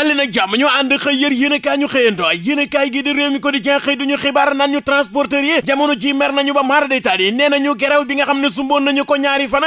dali nag jàmm ñu ànd xëy yër yéenekaay ñu xëyandoo yéenekaay gi di réew mi quotidien xëy duñu xibaar naan ñu transporteurs yi jamono ji mer nañu ba maara day taal yi nee nañu gerew bi nga ko ñaari fana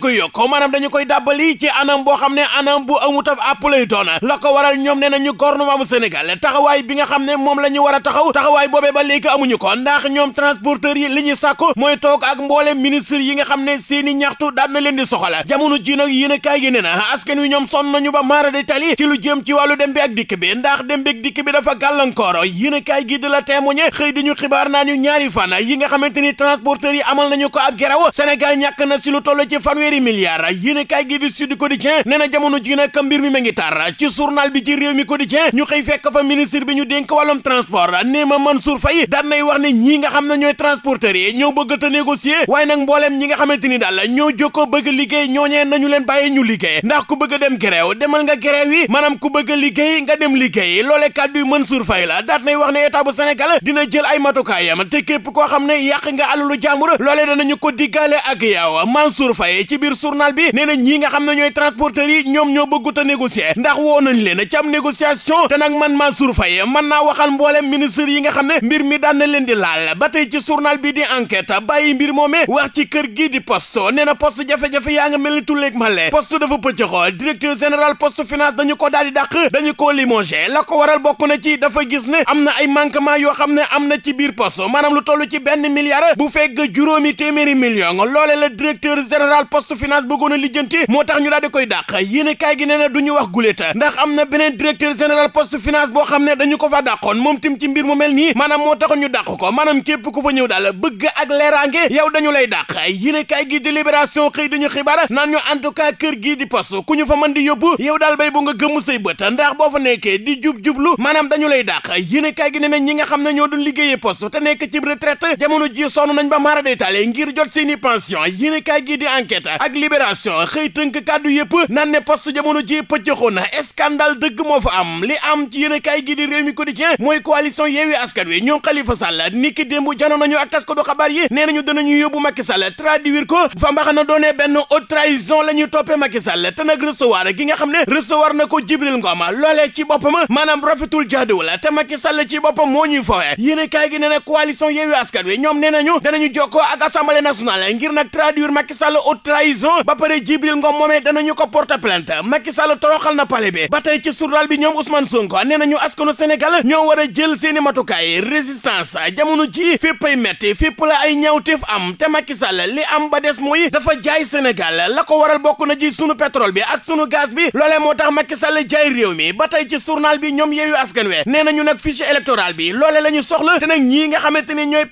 koy yokk maanaam dañu koy dàbbali ci anam boo xam ne anam bu amut ab àpp lay doon la ko waral ñoom nee nañu gouvernement bu taxawaay bi nga xam ne moom la ñu war a taxaw taxawaay boobee ba léegi amuñu ko ndax ñoom transporteurs yi li ñu sàkku mooy toog ak mboolem ministre yi nga xam ne seeni ñaxtu daan na leen di soxala jamono ji nag yéenekaay gi nee na askan wi ñoom sonn nañu ba maara day taal ci lu jëm ci wàllu dem bi ak dikk bi ndax dem bi ak dikk bi dafa gàllankoor yéen a kaay gi de la témoigné xëy di ñu xibaar naa ñu ñaari fan yi nga xamante ni transporteurs yi amal nañu ko ab geraw Sénégal ñàkk na si lu toll ci fanweeri milliards yéen a kaay gi di Sud Quotidien nee na jamono ji nag mbir mi ma ngi tar ci journal bi ci réew mi Quotidien ñu xëy fekk fa ministre bi ñu dénk wàllum transport nee ma man Faye daan nay wax ne ñii nga xam ne ñooy transporteurs yi ñoo bëgg te waaye nag mbooleem ñi nga xamante ni daal ñoo jokkoo bëgg liggéey ñooñee nañu leen bàyyi ñu liggéey ndax ku bëgg dem gereew demal nga gereew yi maanaam ku bëgg a liggéey nga dem liggéey loole kàddu yu Mansour Faye la daat nay wax ne état bu Sénégal dina jël ay matukaayam te képp koo xam ne yàq nga alalu jàmbur loole danañu ko diggaale ak yow Mansour Faye ci biir journal bi nee na nga xam ne ñooy transporteurs ñoom ñoo bëggut a négocier ndax woo nañ leen ci am négociation man Mansour Faye mën naa waxal mboolem ministre yi nga xam ne mbir mi daan na leen di laal ba tey ci journal bi di enquête bàyyi mbir na poste jafe-jafe yaa nga mel ni tulleeg male poste dafa pëccëxoo directeur général poste finance dàq dañu koo limogé la ko waral bokk na ci dafa gis ne am na ay manquement yoo xam ne am na ci biir pos maanaam lu toll ci benn milliard bu fekk juróomi téeméeri million loole la directeur général poste finance bëggoon a lijjanti moo tax ñu daal di koy dàq yéen kaay gi nee na du ñu wax gulet ndax am na beneen directeur général post finance boo xam ne dañu ko fa dàqoon moom tim ci mbir mu mel nii maanaam moo tax ñu dàq ko maanaam képp ku fa ñëw daal bëgg ak leeraange yow dañu lay dàq yéen kaay gi délibération xëy dañu xibaar naan ñu en tout cas kër gii di poste ku ñu fa mën di yóbbu yow daal bay bu nga bët ndax boo fa nekkee di jub-jublu maanaam dañu lay dàq yéen kaay gi ne na ñi nga xam ne ñoo du liggéeyee poste te nekk ci retraite jamono ji sonn nañ ba maara détaillé ngir jot seeni pension yéen kaay gi di enquête ak libération xëy tënk kàddu yëpp naan ne poste jamono ji pëccëxoo na scandale dëgg moo fa am li am ci yéen kaay gi di réew mi quotidien mooy coalition Yewwi Askan Wi ñoom Khalifa Sall niki démb janoon nañu ak tas ko du xabaar yi nee nañu danañu yóbbu la ñuy toppee Macky Sall te nag recevoir xam ne recevoir ko Cyril Ngom loolee ci boppam maanaam rafetul jaaduwul te Macky Sall ci boppam moo ñuy foowee yéene kaay gi nee na coalition Yewwi Askan Wi ñoom nee nañu danañu jokkoo ak ngir nag traduire Macky Sall haute trahison ba pare Jibril Ngom moomee ko porter plainte Macky na palais bi ba ci journal bi ñoom Ousmane Sonko nee nañu askanu Sénégal ñoo war a seeni matukaay résistance jamono ji féppay metti fépp la ay ñaawteef am te Macky Sall am ba na ji sunu pétrole bi ak yéenekaay réew mi ba tey ci journal bi ñoom yeeyu askan we nee nañu nag fichier électoral bi loole la soxla te ñii nga xamante ni ñooy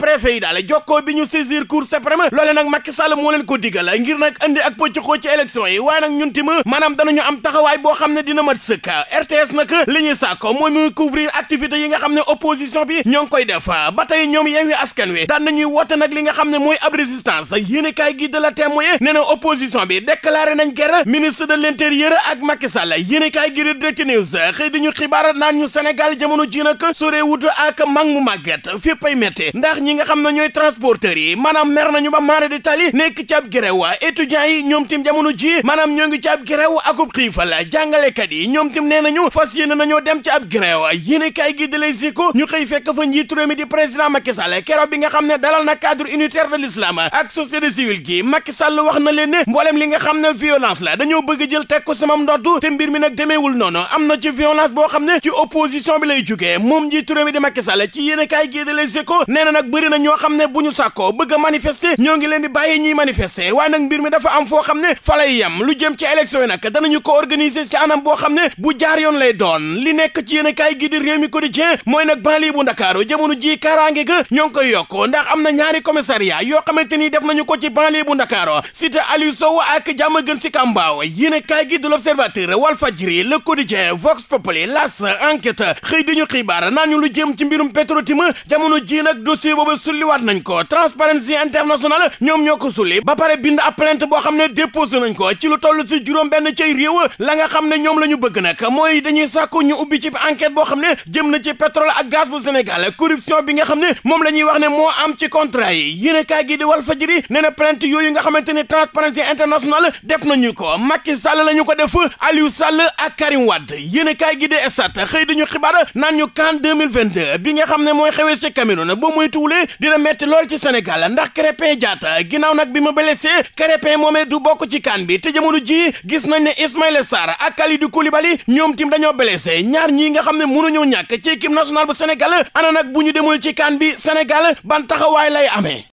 ñu am taxawaay boo xam ne dina mat sëkk RTS nag li ñuy sàkko mooy muy couvrir activités yi nga xam ne opposition bi ñoo koy def ba tey ñoom yeeyu askan wi daan nañuy woote nag li nga xam ne mooy ab résistance yéenekaay gi de la témoin nee na opposition bi déclaré nañ guerre ministre de l'intérieur ak Macky Sall yéenekaay gi Direct News xëy di ñu xibaar naa ñu Sénégal jamono ji nag sore wut ak mag mu màgget fépp ay mete ndax ñi nga xam ne ñooy transporteurs yi maanaam mer nañu ba maara di tali nekk ci ab gréw étudiants yi ñoom tim jamono ji maanaam ñoo ngi ci ab gréw akub xiifal jàngalekat yi ñoom tim nee nañu fas yéene nañoo dem ci ab gréw yéen kaay gi di lay siku ñu xëy fekk fa njiitu réew mi di président Macky Sall keroog bi nga xam ne dalal na cadre unitaire de l'islam ak société civile gi Sall wax na leen ne mbooleem li nga xam ne violence la dañoo bëgg jël teg ko sama ndodd te mi nag demeewul noonu noonu am na ci violence boo xam ne ci opposition bi lay jugee moom njiitu réew di Macky ci yéen a kaay gii di na nag na ñoo xam ne bu ñu sàkkoo bëgg a manifester ñoo ngi leen di bàyyi ñuy manifester waaye nag mbir mi dafa am foo xam ne fa lay yem lu jëm ci élection yi nag danañu ko organiser ci anam boo xam ne bu jaar yoon lay doon li nekk ci yéen a kaay gii di réew mooy nag banlieue bu Ndakaaru jamono ji kaaraange ga ñoo ngi ko yokk ndax am na ñaari commissariat yoo xamante ni def nañu ko ci banlieue bu Ndakaaru cité Aliou Sow ak jàmm gën si Kambaaw yéen a kaay gi de l'Observateur Walfadjri Quotidien Vox Populi L'As Enquête xëy di ñu xibaar naa ñu lu jëm ci mbirum Petrotim jamono ji nag dossier boobu sulliwaat nañ ko Transparency International ñoom ñoo ko sulli ba bind ab plainte boo xam ne déposé nañ ko ci lu toll si juróom benn cay réew la nga xam ne ñoom la ñu bëgg nag mooy dañuy sàkku ñu ubbi ci enquête boo xam ne jëm na ci pétrole ak gaz bu Sénégal corruption bi nga xam ne moom la ñuy wax ne moo am ci contrat yi yéen kaay gi di Walf Fadjri nee na plainte yooyu nga xamante ne Transparency International Wade yéen kaay gi de estat xëy dañu xibaar naan ñu CAN 2022 bi nga xam ne mooy xewee ci Cameroun ba muy tuulee dina metti lool ci Sénégal ndax Krépin Diatta ginnaaw nag bi mu blessé Krépin moomee du bokk ci CAN bi te jamono ji gis nañ ne Ismaïla Sarr ak Kalidou Koulibaly ñoom tim dañoo blessé ñaar ñii nga xam ne mënuñu ñàkk ci équipe nationale bu Sénégal ana nag bu ñu demul ci CAN bi Sénégal ban taxawaay lay amee